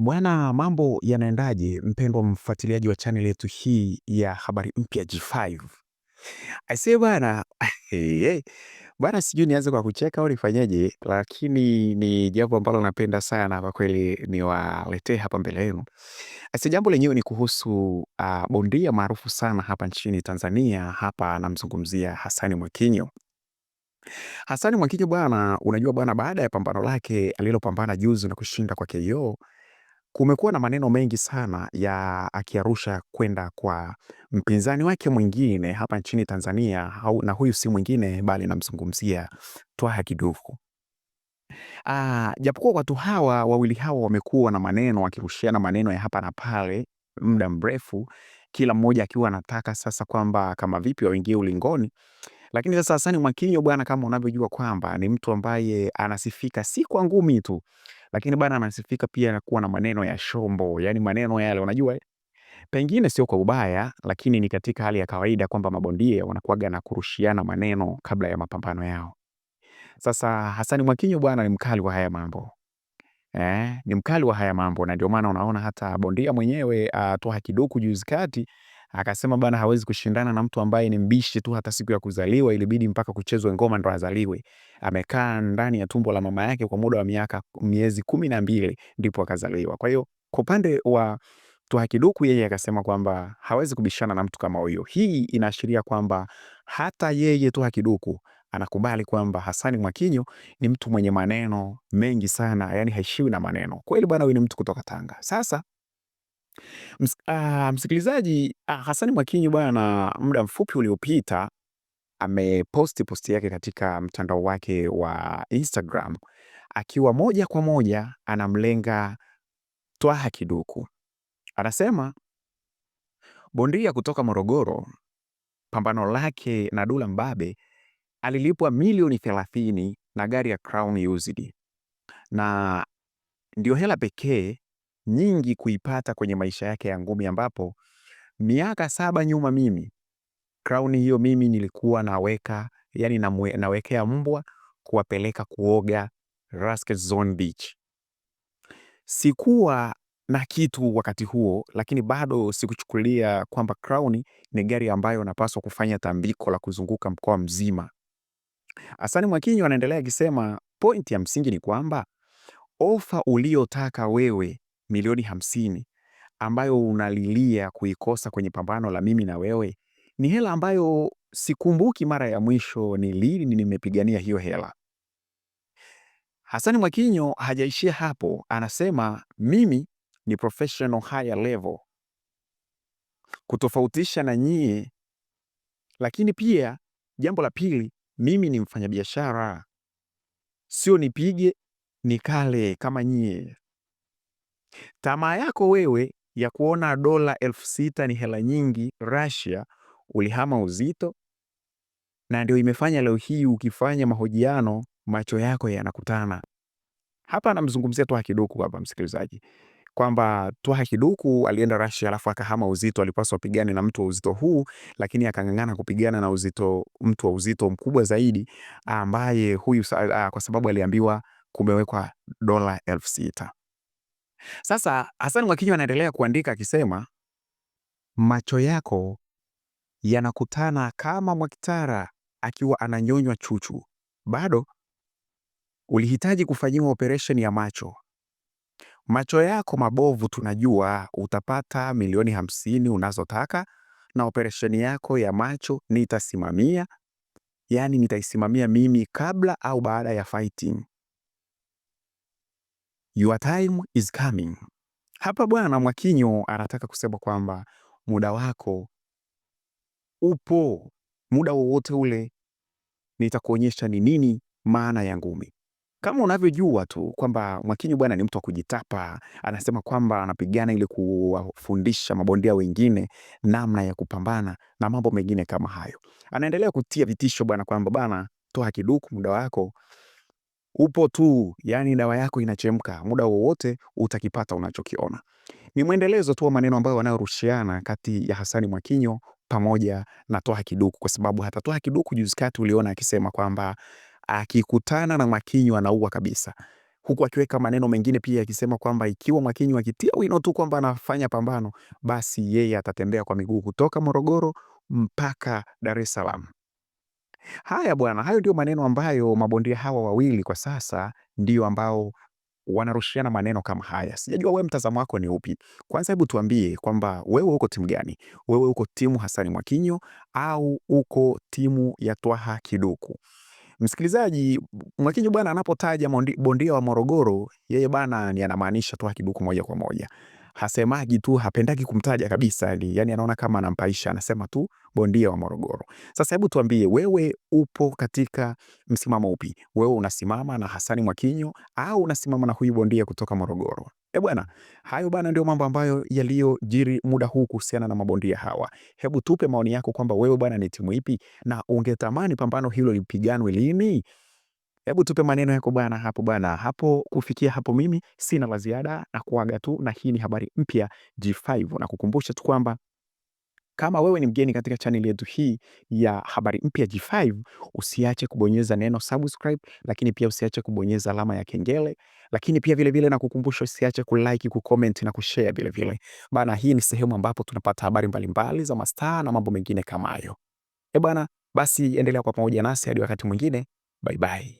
Bwana, mambo yanaendaje mpendwa mfuatiliaji wa channel yetu hii ya habari mpya G5? Aisee bwana bwana, sijui nianze kwa kucheka au nifanyeje, lakini ni jambo ambalo napenda sana kwa kweli niwaletee hapa mbele yenu. Aisee, jambo lenyewe ni kuhusu uh, bondia maarufu sana hapa nchini Tanzania. Hapa namzungumzia Hasani Mwakinyo. Hasani Mwakinyo bwana, unajua bwana, baada ya pambano lake alilopambana juzi na kushinda kwa KO Kumekuwa na maneno mengi sana ya akiarusha kwenda kwa mpinzani wake mwingine hapa nchini Tanzania au, na huyu si mwingine bali namzungumzia Twaha Ah, Japokuwa watu hawa wawili hawa wamekuwa na maneno wakirushiana maneno ya hapa na pale muda mrefu, kila mmoja akiwa anataka sasa kwamba kama vipi waingie ulingoni lakini sasa Hasani Mwakinyo bwana, kama unavyojua kwamba ni mtu ambaye anasifika si kwa ngumi tu, lakini bana anasifika pia kuwa na maneno ya shombo, yani maneno yale unajua pengine sio kwa ubaya, lakini ni katika hali ya kawaida kwamba mabondia wanakuaga na kurushiana maneno kabla ya mapambano yao. Sasa hasani Mwakinyo bwana ni mkali wa haya mambo eh, ni mkali wa haya mambo, na ndio maana unaona hata bondia mwenyewe atoa ah, kiduku juzi kati akasema bana, hawezi kushindana na mtu ambaye ni mbishi tu, hata siku ya kuzaliwa ilibidi mpaka kuchezwe ngoma ndo azaliwe. Amekaa ndani ya tumbo la mama yake kwa muda wa miaka miezi kumi na mbili ndipo akazaliwa. Kwa hiyo kwa upande wa Tuha Kiduku yeye akasema kwamba hawezi kubishana na mtu kama huyo. Hii inaashiria kwamba hata yeye Tuha Kiduku anakubali kwamba Hasani Mwakinyo ni mtu mwenye maneno mengi sana, yani haishiwi na maneno. Kweli bwana, huyu ni mtu kutoka Tanga. Sasa Ms uh, ah, msikilizaji ah, hasani Hassan Mwakinyi bwana, muda mfupi uliopita ameposti posti yake katika mtandao wake wa Instagram akiwa moja kwa moja anamlenga Twaha Kiduku. Anasema bondia kutoka Morogoro pambano lake na Dula Mbabe alilipwa milioni thelathini na gari ya Crown used, na ndio hela pekee nyingi kuipata kwenye maisha yake ya ngumi, ambapo miaka saba nyuma mimi crown hiyo mimi nilikuwa naweka yani namwe, nawekea mbwa kuwapeleka kuoga Rascals Zone Beach. Sikuwa na kitu wakati huo, lakini bado sikuchukulia kwamba crown ni gari ambayo napaswa kufanya tambiko la kuzunguka mkoa mzima. Asani Mwakinyo anaendelea akisema, pointi ya msingi ni kwamba ofa uliotaka wewe milioni hamsini ambayo unalilia kuikosa kwenye pambano la mimi na wewe ni hela ambayo sikumbuki mara ya mwisho ni lini nimepigania hiyo hela. hasani Mwakinyo hajaishia hapo, anasema mimi ni professional higher level kutofautisha na nyie, lakini pia jambo la pili, mimi ni mfanyabiashara, sio nipige nikale kama nyie. Tamaa yako wewe ya kuona dola elfu sita ni hela nyingi Russia, ulihama uzito, na ndio imefanya leo hii ukifanya mahojiano macho yako yanakutana. Hapa Namzungumzia Twaha Kiduku hapa, msikilizaji, kwamba Twaha Kiduku alienda Russia alafu akahama uzito. Alipaswa pigane na mtu wa uzito huu, lakini akang'ang'ana kupigana na uzito, mtu wa uzito mkubwa zaidi ambaye huyu, ah, kwa sababu aliambiwa kumewekwa dola elfu sita. Sasa hasani Mwakinyo anaendelea kuandika akisema, macho yako yanakutana kama Mwakitara akiwa ananyonywa chuchu, bado ulihitaji kufanyiwa operesheni ya macho. Macho yako mabovu, tunajua utapata milioni hamsini unazotaka na operesheni yako ya macho nitasimamia, yaani nitaisimamia mimi kabla au baada ya fighting. Your time is coming. Hapa bwana Mwakinyo anataka kusema kwamba muda wako upo, muda wowote ule nitakuonyesha ni nini maana ya ngumi. Kama unavyojua tu kwamba Mwakinyo bwana ni mtu wa kujitapa, anasema kwamba anapigana ili kuwafundisha mabondia wengine namna ya kupambana na mambo mengine kama hayo. Anaendelea kutia vitisho bwana kwamba bwana, toa kiduku, muda wako upo tu, yani dawa yako inachemka, muda wowote utakipata unachokiona. Ni mwendelezo tu wa maneno ambayo wanayorushiana kati ya Hasani Mwakinyo pamoja na Toha Kiduku, kwa sababu hata Toha Kiduku juzi kati uliona akisema kwamba akikutana na Mwakinyo anaua kabisa, huku akiweka maneno mengine pia akisema kwamba ikiwa Mwakinyo akitia wino tu kwamba anafanya pambano, basi yeye atatembea kwa miguu kutoka Morogoro mpaka Dar es Salaam. Haya bwana, hayo ndio maneno ambayo mabondia hawa wawili kwa sasa ndio ambao wanarushiana maneno kama haya. Sijajua wewe mtazamo wako ni upi? Kwanza hebu tuambie kwamba wewe uko timu gani? Wewe uko timu Hasani Mwakinyo au uko timu ya Twaha Kiduku? Msikilizaji, Mwakinyo bwana anapotaja bondia wa Morogoro, yeye bana ni anamaanisha Twaha Kiduku moja kwa moja hasemaji tu, hapendagi kumtaja kabisa, ali, yaani, yani anaona kama anampaisha, anasema tu bondia wa Morogoro. Sasa hebu tuambie wewe, upo katika msimamo upi? Wewe unasimama na Hasani Mwakinyo au unasimama na huyu bondia kutoka Morogoro? E bwana, hayo bana ndio mambo ambayo yaliyojiri muda huu kuhusiana na mabondia hawa. Hebu tupe maoni yako kwamba wewe bwana ni timu ipi na ungetamani pambano hilo lipiganwe lini? Hebu tupe maneno yako bwana hapo bwana. Hapo kufikia hapo, mimi sina la ziada na kuaga tu, na hii ni habari mpya G5, na kukumbusha tu kwamba kama wewe ni mgeni katika chaneli yetu hii ya habari mpya G5, usiache kubonyeza neno subscribe, lakini pia usiache kubonyeza alama ya kengele, lakini pia vilevile na kukumbusha usiache kulike, kucomment na kushare vilevile bana. Hii ni sehemu ambapo tunapata habari mbalimbali za mastaa na mambo mengine kama hayo. E eh bana, basi endelea kwa pamoja nasi hadi wakati mwingine. Bye bye.